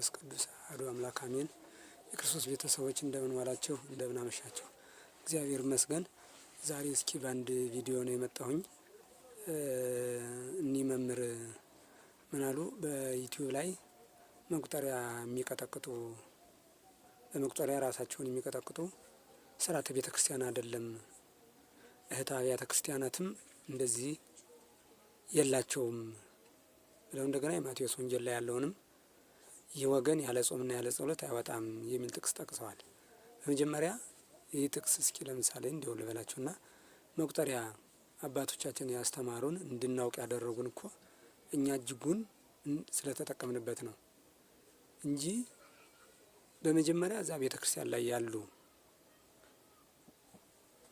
መንፈስ ቅዱስ አሐዱ አምላክ አሜን። የክርስቶስ ቤተሰቦች እንደምን ዋላችሁ? እንደምን አመሻችሁ? እግዚአብሔር ይመስገን። ዛሬ እስኪ በአንድ ቪዲዮ ነው የመጣሁኝ። እኒህ መምህር ምን አሉ? በዩቲዩብ ላይ መቁጠሪያ የሚቀጠቅጡ በመቁጠሪያ ራሳቸውን የሚቀጠቅጡ ስርዓተ ቤተ ክርስቲያን አይደለም፣ እህት አብያተ ክርስቲያናትም እንደዚህ የላቸውም ብለው እንደገና የማቴዎስ ወንጌል ላይ ያለውንም ይህ ወገን ያለ ጾምና ያለ ጸሎት አይወጣም የሚል ጥቅስ ጠቅሰዋል። በመጀመሪያ ይህ ጥቅስ እስኪ ለምሳሌ እንዲሁ ልበላችሁና መቁጠሪያ አባቶቻችን ያስተማሩን እንድናውቅ ያደረጉን እኮ እኛ እጅጉን ስለተጠቀምንበት ነው እንጂ በመጀመሪያ እዛ ቤተ ክርስቲያን ላይ ያሉ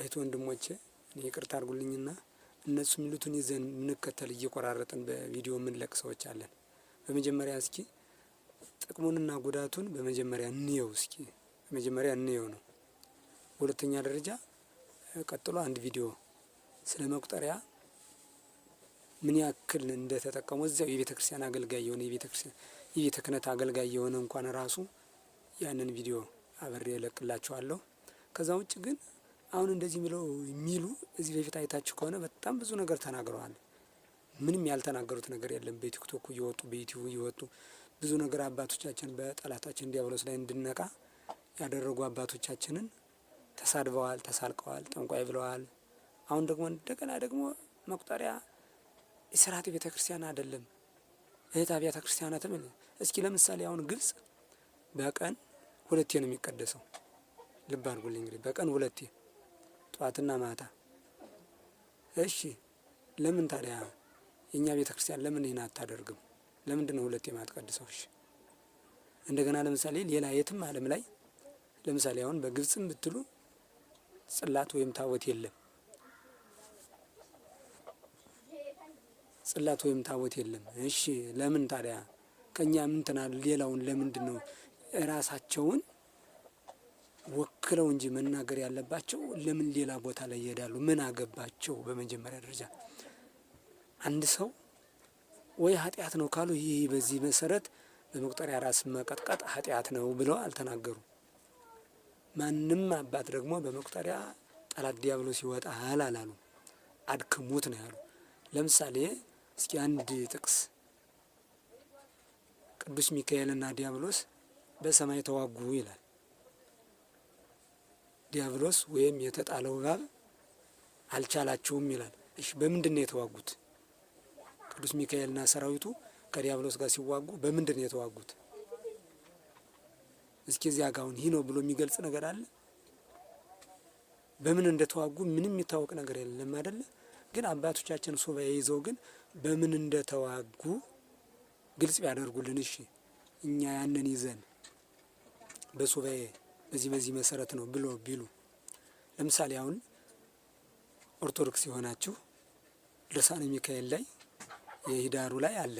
እህት ወንድሞቼ እኔ ይቅርታ አድርጉልኝና እነሱ የሚሉትን ይዘን ምንከተል እየቆራረጥን በቪዲዮ የምንለቅ ሰዎች አለን። በመጀመሪያ እስኪ ጥቅሙንና ጉዳቱን በመጀመሪያ እንየው እስኪ በመጀመሪያ እንየው ነው። በሁለተኛ ደረጃ ቀጥሎ አንድ ቪዲዮ ስለ መቁጠሪያ ምን ያክል እንደተጠቀሙ እዚያው የቤተ ክርስቲያን አገልጋይ የሆነ የቤተ ክርስቲያን የቤተ ክህነት አገልጋይ የሆነ እንኳን ራሱ ያንን ቪዲዮ አብሬ እለቅላችኋለሁ። ከዛ ውጭ ግን አሁን እንደዚህ የሚለው የሚሉ እዚህ በፊት አይታችሁ ከሆነ በጣም ብዙ ነገር ተናግረዋል። ምንም ያልተናገሩት ነገር የለም። በቲክቶክ እየወጡ በዩቲዩብ እየወጡ ብዙ ነገር አባቶቻችን በጠላታችን ዲያብሎስ ላይ እንድነቃ ያደረጉ አባቶቻችንን ተሳድበዋል፣ ተሳልቀዋል፣ ጠንቋይ ብለዋል። አሁን ደግሞ እንደገና ደግሞ መቁጠሪያ የስርዓት ቤተ ክርስቲያን አይደለም እህት አብያተ ክርስቲያናትም እስኪ ለምሳሌ አሁን ግልጽ በቀን ሁለቴ ነው የሚቀደሰው። ልብ አድርጉልኝ እንግዲህ በቀን ሁለቴ ጠዋትና ማታ። እሺ ለምን ታዲያ የእኛ ቤተ ክርስቲያን ለምን ይህን አታደርግም? ለምንድን ነው ሁለቴ የማትቀድሰው? እንደገና ለምሳሌ ሌላ የትም ዓለም ላይ ለምሳሌ አሁን በግብጽም ብትሉ ጽላት ወይም ታቦት የለም። ጽላት ወይም ታቦት የለም። እሺ ለምን ታዲያ ከኛ ምንትና ሌላውን ለምንድን ነው እራሳቸውን ወክለው እንጂ መናገር ያለባቸው ለምን ሌላ ቦታ ላይ ይሄዳሉ? ምን አገባቸው? በመጀመሪያ ደረጃ አንድ ሰው ወይ ኃጢአት ነው ካሉ ይህ በዚህ መሰረት በመቁጠሪያ ራስ መቀጥቀጥ ኃጢአት ነው ብለው አልተናገሩ ማንም አባት ደግሞ በመቁጠሪያ ጠላት ዲያብሎስ ይወጣል አላሉ፣ አድክሙት ነው ያሉ። ለምሳሌ እስኪ አንድ ጥቅስ ቅዱስ ሚካኤልና ዲያብሎስ በሰማይ ተዋጉ ይላል። ዲያብሎስ ወይም የተጣለው እባብ አልቻላቸውም ይላል። እሺ በምንድን ነው የተዋጉት? ቅዱስ ሚካኤልና ሰራዊቱ ከዲያብሎስ ጋር ሲዋጉ በምንድን ነው የተዋጉት? እስኪ እዚያ ጋ አሁን ይህ ነው ብሎ የሚገልጽ ነገር አለ? በምን እንደተዋጉ ምንም የሚታወቅ ነገር የለም አይደለ? ግን አባቶቻችን ሱባኤ ይዘው ግን በምን እንደተዋጉ ግልጽ ቢያደርጉልን እሺ፣ እኛ ያንን ይዘን በሱባኤ በዚህ በዚህ መሰረት ነው ብሎ ቢሉ ለምሳሌ አሁን ኦርቶዶክስ የሆናችሁ ልሳነ ሚካኤል ላይ የሂዳሩ ላይ አለ።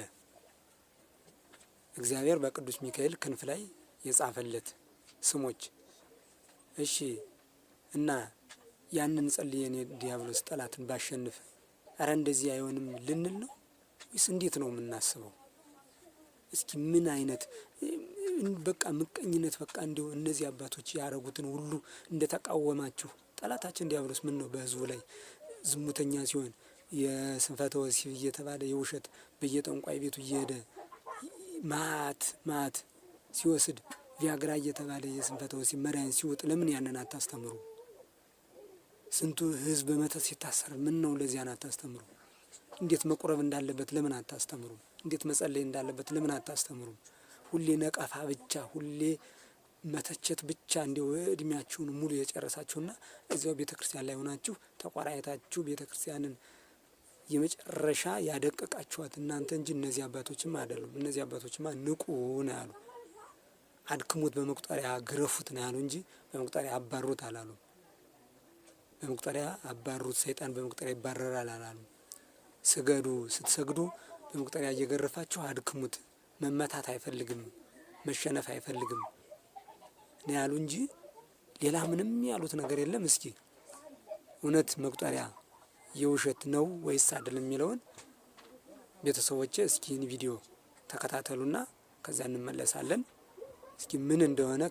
እግዚአብሔር በቅዱስ ሚካኤል ክንፍ ላይ የጻፈለት ስሞች። እሺ እና ያንን ጸልየን ዲያብሎስ ጠላትን ባሸንፍ፣ እረ እንደዚህ አይሆንም ልንል ነው ወይስ እንዴት ነው የምናስበው? እስኪ ምን አይነት በቃ ምቀኝነት በቃ እንዲሁ እነዚህ አባቶች ያደረጉትን ሁሉ እንደተቃወማችሁ ጠላታችን ዲያብሎስ ምን ነው በህዝቡ ላይ ዝሙተኛ ሲሆን የስንፈተ ወሲብ እየተባለ የውሸት በየጠንቋይ ቤቱ እየሄደ ማት ማት ሲወስድ ቪያግራ እየተባለ የስንፈተ ወሲብ መድኃኒት ሲውጥ ለምን ያንን አታስተምሩ? ስንቱ ህዝብ በመተት ሲታሰር ምን ነው ለዚያን አታስተምሩ? እንዴት መቁረብ እንዳለበት ለምን አታስተምሩ? እንዴት መጸለይ እንዳለበት ለምን አታስተምሩ? ሁሌ ነቀፋ ብቻ ሁሌ መተቸት ብቻ እንዲው እድሜያችሁን ሙሉ የጨረሳችሁና እዚያው ቤተ ክርስቲያን ላይ ሆናችሁ ተቋራየታችሁ ቤተ ክርስቲያንን የመጨረሻ ያደቀቃችኋት እናንተ እንጂ እነዚህ አባቶችም አይደሉም። እነዚህ አባቶችማ ንቁ ነው ያሉ፣ አድክሙት፣ በመቁጠሪያ ግረፉት ነው ያሉ እንጂ በመቁጠሪያ አባሩት አላሉ። በመቁጠሪያ አባሩት፣ ሰይጣን በመቁጠሪያ ይባረራል አላሉ። ስገዱ፣ ስትሰግዱ በመቁጠሪያ እየገረፋችሁ አድክሙት። መመታት አይፈልግም፣ መሸነፍ አይፈልግም ነው ያሉ እንጂ ሌላ ምንም ያሉት ነገር የለም። እስኪ እውነት መቁጠሪያ የውሸት ነው ወይስ አይደለም የሚለውን ቤተሰቦች እስኪን ቪዲዮ ተከታተሉና ከዛ እንመለሳለን። እስኪ ምን እንደሆነ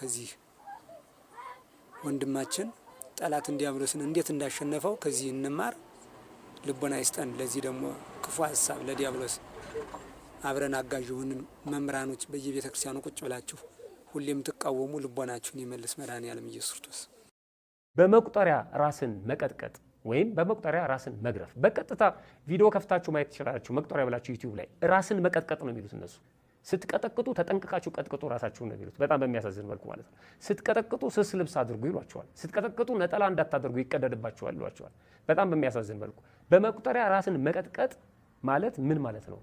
ከዚህ ወንድማችን ጠላት እንዲያብሎስን እንዴት እንዳሸነፈው ከዚህ እንማር። ልቦና ይስጠን። ለዚህ ደግሞ ክፉ ሀሳብ ለዲያብሎስ አብረን አጋዥ የሆንን መምህራኖች በየቤተ ክርስቲያኑ ቁጭ ብላችሁ ሁሌም ትቃወሙ ልቦናችሁን ይመልስ መድኃኔ ዓለም ኢየሱስ ክርስቶስ። በመቁጠሪያ ራስን መቀጥቀጥ ወይም በመቁጠሪያ ራስን መግረፍ። በቀጥታ ቪዲዮ ከፍታችሁ ማየት ትችላላችሁ። መቁጠሪያ ብላችሁ ዩቲዩብ ላይ ራስን መቀጥቀጥ ነው የሚሉት እነሱ። ስትቀጠቅጡ ተጠንቅቃችሁ ቀጥቅጡ ራሳችሁን ነው የሚሉት። በጣም በሚያሳዝን መልኩ ማለት ነው። ስትቀጠቅጡ ስስ ልብስ አድርጉ ይሏቸዋል። ስትቀጠቅጡ ነጠላ እንዳታደርጉ ይቀደድባቸዋል ይሏቸዋል። በጣም በሚያሳዝን መልኩ በመቁጠሪያ ራስን መቀጥቀጥ ማለት ምን ማለት ነው?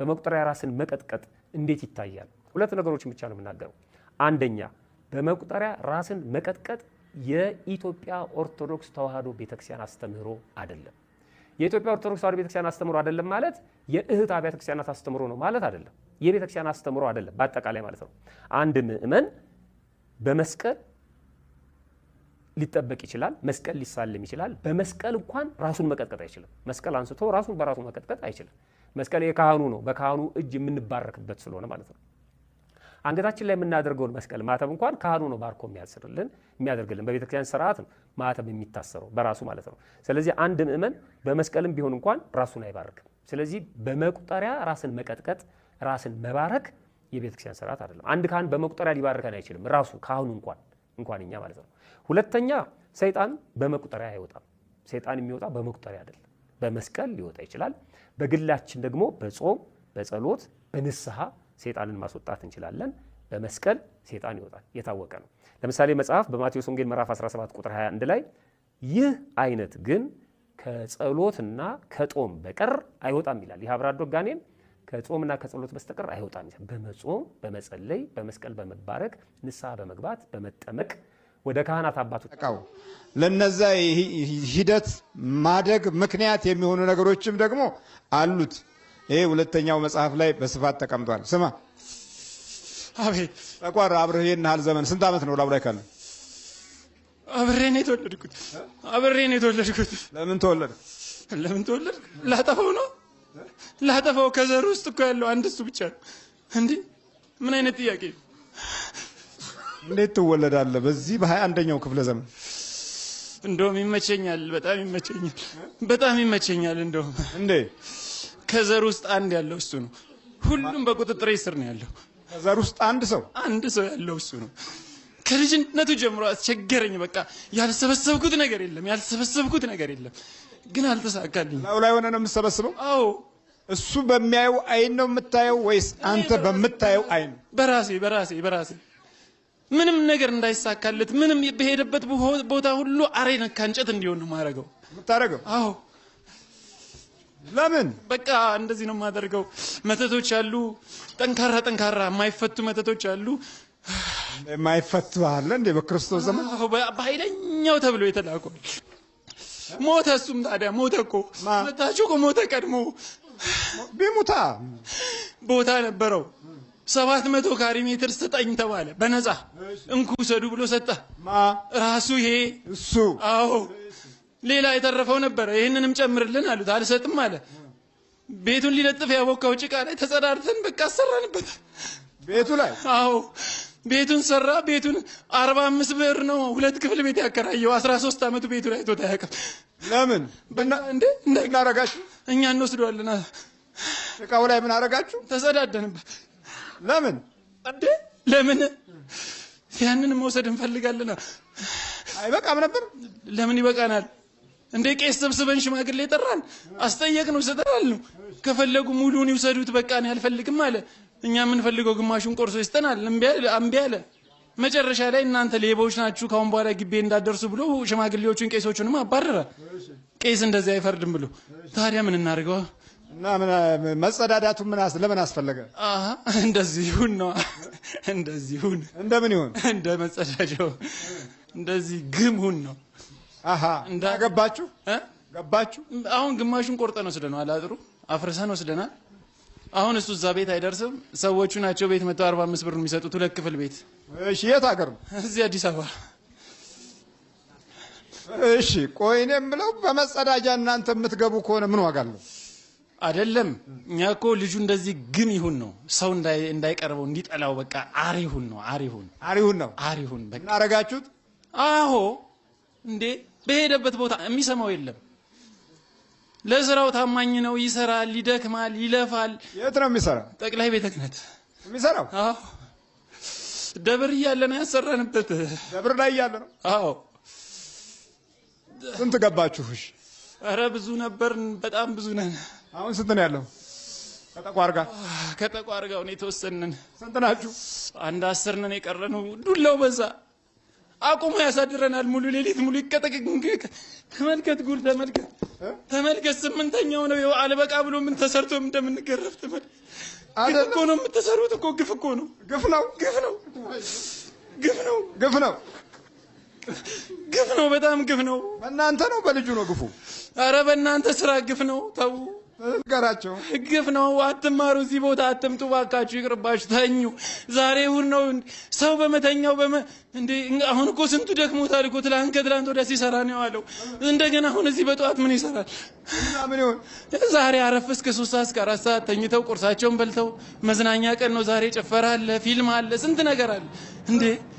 በመቁጠሪያ ራስን መቀጥቀጥ እንዴት ይታያል? ሁለት ነገሮችን ብቻ ነው የምናገረው። አንደኛ በመቁጠሪያ ራስን መቀጥቀጥ የኢትዮጵያ ኦርቶዶክስ ተዋህዶ ቤተክርስቲያን አስተምህሮ አይደለም። የኢትዮጵያ ኦርቶዶክስ ተዋህዶ ቤተክርስቲያን አስተምህሮ አይደለም ማለት የእህት አብያተ ክርስቲያናት አስተምህሮ ነው ማለት አይደለም። የቤተክርስቲያን አስተምህሮ አይደለም በአጠቃላይ ማለት ነው። አንድ ምእመን በመስቀል ሊጠበቅ ይችላል። መስቀል ሊሳለም ይችላል። በመስቀል እንኳን ራሱን መቀጥቀጥ አይችልም። መስቀል አንስቶ ራሱን በራሱ መቀጥቀጥ አይችልም። መስቀል የካህኑ ነው። በካህኑ እጅ የምንባረክበት ስለሆነ ማለት ነው። አንገታችን ላይ የምናደርገውን መስቀል ማተብ እንኳን ካህኑ ነው ባርኮ የሚያስርልን የሚያደርግልን። በቤተክርስቲያን ስርዓት ነው ማተብ የሚታሰረው በራሱ ማለት ነው። ስለዚህ አንድ ምእመን በመስቀልም ቢሆን እንኳን ራሱን አይባርክም። ስለዚህ በመቁጠሪያ ራስን መቀጥቀጥ፣ ራስን መባረክ የቤተክርስቲያን ስርዓት አይደለም። አንድ ካህን በመቁጠሪያ ሊባርከን አይችልም። ራሱ ካህኑ እንኳን እንኳን እኛ ማለት ነው። ሁለተኛ ሰይጣን በመቁጠሪያ አይወጣም። ሰይጣን የሚወጣ በመቁጠሪያ አይደለም፣ በመስቀል ሊወጣ ይችላል። በግላችን ደግሞ በጾም በጸሎት በንስሐ ሴጣንን ማስወጣት እንችላለን። በመስቀል ሴጣን ይወጣል፣ የታወቀ ነው። ለምሳሌ መጽሐፍ በማቴዎስ ወንጌል ምዕራፍ 17 ቁጥር 21 ላይ ይህ አይነት ግን ከጸሎትና ከጦም በቀር አይወጣም ይላል። ይህ አብራዶ ጋኔን ከጾምና ከጸሎት በስተቀር አይወጣም ይላል። በመጾም በመጸለይ፣ በመስቀል በመባረክ፣ ንስሐ በመግባት፣ በመጠመቅ ወደ ካህናት አባቱ ለነዛ ሂደት ማደግ ምክንያት የሚሆኑ ነገሮችም ደግሞ አሉት። ይሄ ሁለተኛው መጽሐፍ ላይ በስፋት ተቀምጧል። ስማ አቤት ጠቋር አብርህ ናህል ዘመን ስንት ዓመት ነው? ላቡ ላይ ካለ አብሬን የተወለድኩት አብሬን የተወለድኩት። ለምን ተወለድክ? ለምን ተወለድክ? ላጠፋው ነው ላጠፋው። ከዘር ውስጥ እኮ ያለው አንድ እሱ ብቻ ነው። እንዲህ ምን አይነት ጥያቄ! ነው? እንዴት ትወለዳለህ በዚህ በሀያ አንደኛው ክፍለ ዘመን? እንደውም ይመቸኛል፣ በጣም ይመቸኛል፣ በጣም ይመቸኛል። እንደውም እንዴ ከዘር ውስጥ አንድ ያለው እሱ ነው። ሁሉም በቁጥጥር ስር ነው ያለው። ከዘር ውስጥ አንድ ሰው አንድ ሰው ያለው እሱ ነው። ከልጅነቱ ጀምሮ አስቸገረኝ። በቃ ያልሰበሰብኩት ነገር የለም፣ ያልሰበሰብኩት ነገር የለም፣ ግን አልተሳካልኝ። ላው ላይ ሆነ ነው የምሰበስበው። አዎ እሱ በሚያየው አይን ነው የምታየው ወይስ አንተ በምታየው አይን? በራሴ በራሴ በራሴ ምንም ነገር እንዳይሳካለት ምንም በሄደበት ቦታ ሁሉ አሬ ነካ እንጨት እንዲሆን ነው የማደርገው የምታደርገው። አዎ ለምን በቃ እንደዚህ ነው የማደርገው። መተቶች አሉ፣ ጠንካራ ጠንካራ የማይፈቱ መተቶች አሉ። የማይፈቱ አለ እንዴ? በክርስቶስ ዘመን በኃይለኛው ተብሎ የተላከው ሞተ። እሱም ታዲያ ሞተ እኮ መታችሁ እኮ ሞተ። ቀድሞ ቢሙታ ቦታ ነበረው። ሰባት መቶ ካሪ ሜትር ስጠኝ ተባለ። በነፃ እንኩ ሰዱ ብሎ ሰጠ። ራሱ ይሄ እሱ አዎ ሌላ የተረፈው ነበረ። ይህንንም ጨምርልን አሉት። አልሰጥም አለ። ቤቱን ሊለጥፍ ያቦካው ጭቃ ላይ ተጸዳርተን በቃ አሰራንበት። ቤቱ ላይ አዎ፣ ቤቱን ሰራ። ቤቱን አርባ አምስት ብር ነው ሁለት ክፍል ቤት ያከራየው። አስራ ሶስት አመቱ ቤቱ ላይ ቶታ አያውቅም። ለምን እንዴ እናረጋችሁ? እኛ እንወስደዋለን። ጭቃው ላይ ምን አረጋችሁ? ተጸዳደንበት። ለምን እንዴ ለምን ያንን መውሰድ እንፈልጋለን። አይበቃም ነበር? ለምን ይበቃናል? እንደ ቄስ ሰብስበን ሽማግሌ የጠራን አስጠየቅ ነው ነው። ከፈለጉ ሙሉን ይውሰዱት በቃ ነው አልፈልግም አለ። እኛ የምንፈልገው ግማሹን ቆርሶ ይስጠናል። እምቢ አለ። መጨረሻ ላይ እናንተ ሌቦች ናችሁ ካሁን በኋላ ግቤ እንዳደርሱ ብሎ ሽማግሌዎቹን ቄሶቹንም አባረረ። ቄስ እንደዚህ አይፈርድም ብሎ ታዲያ ምን እናድርገው? እና መጸዳዳቱ ለምን አስፈለገ? እንደዚህ ይሁን ነው። እንደዚህ ይሁን እንደምን ይሁን እንደ መጸዳጃው እንደዚህ ግም ሁን ነው። ገባችሁ ገባችሁ። አሁን ግማሹን ቆርጠን ወስደናል። አጥሩ አፍርሰን ወስደናል። አሁን እሱ እዛ ቤት አይደርስም። ሰዎቹ ናቸው ቤት መጥተው 45 ብር የሚሰጡት ሁለት ክፍል ቤት። እሺ፣ የት ሀገር ነው? እዚህ አዲስ አበባ። እሺ፣ ቆይ እኔ የምለው በመጸዳጃ እናንተ የምትገቡ ከሆነ ምን ዋጋ አለው? አይደለም እኛ እኮ ልጁ እንደዚህ ግም ይሁን ነው ሰው እንዳይቀርበው እንዲጠላው፣ በቃ አሪሁን ነው አሪሁን አሪሁን ነው አሪሁን በቃ እናረጋችሁት። አዎ እንዴ በሄደበት ቦታ የሚሰማው የለም። ለስራው ታማኝ ነው። ይሰራል፣ ይደክማል፣ ይለፋል። የት ነው የሚሰራ? ጠቅላይ ቤተ ክህነት የሚሰራው። አዎ፣ ደብር እያለ ነው ያሰራንበት። ደብር ላይ እያለ ነው። አዎ። ስንት ገባችሁ? እሺ። ኧረ ብዙ ነበርን፣ በጣም ብዙ ነን። አሁን ስንት ነው ያለው? ከጠቋርጋ ከጠቋርጋው ነው የተወሰንን። ስንት ናችሁ? አንድ አስር ነን የቀረነው። ዱላው በዛ አቁሞ ያሳድረናል። ሙሉ ሌሊት ሙሉ ይቀጠቅቅ። ተመልከት፣ ጉድ ተመልከት፣ ተመልከት። ስምንተኛው ነው። ይኸው አልበቃ ብሎ ምን ተሰርቶ እንደምንገረፍ ተመልከት። ግፍ እኮ ነው የምትሰሩት እኮ ግፍ እኮ ነው። ግፍ ነው፣ ግፍ ነው፣ ግፍ ነው፣ ግፍ ነው፣ ግፍ ነው። በጣም ግፍ ነው። በእናንተ ነው፣ በልጁ ነው ግፉ። አረ በእናንተ ስራ ግፍ ነው። ተው ገራቸው ግፍ ነው። አትማሩ፣ እዚህ ቦታ አትምጡ፣ ባካችሁ ይቅርባችሁ፣ ተኙ። ዛሬ እሑድ ነው። ሰው በመተኛው በመ እንዴ! አሁን እኮ ስንቱ ደክሞታል እኮ። ትላንት ከትላንት ወዲያ ሲሰራ ነው ያለው። እንደገና አሁን እዚህ በጠዋት ምን ይሰራል? ምን ዛሬ አረፍ እስከ ሶስት ሰዓት እስከ አራት ሰዓት ተኝተው ቁርሳቸውን በልተው፣ መዝናኛ ቀን ነው ዛሬ። ጭፈራ አለ፣ ፊልም አለ፣ ስንት ነገር አለ እንዴ!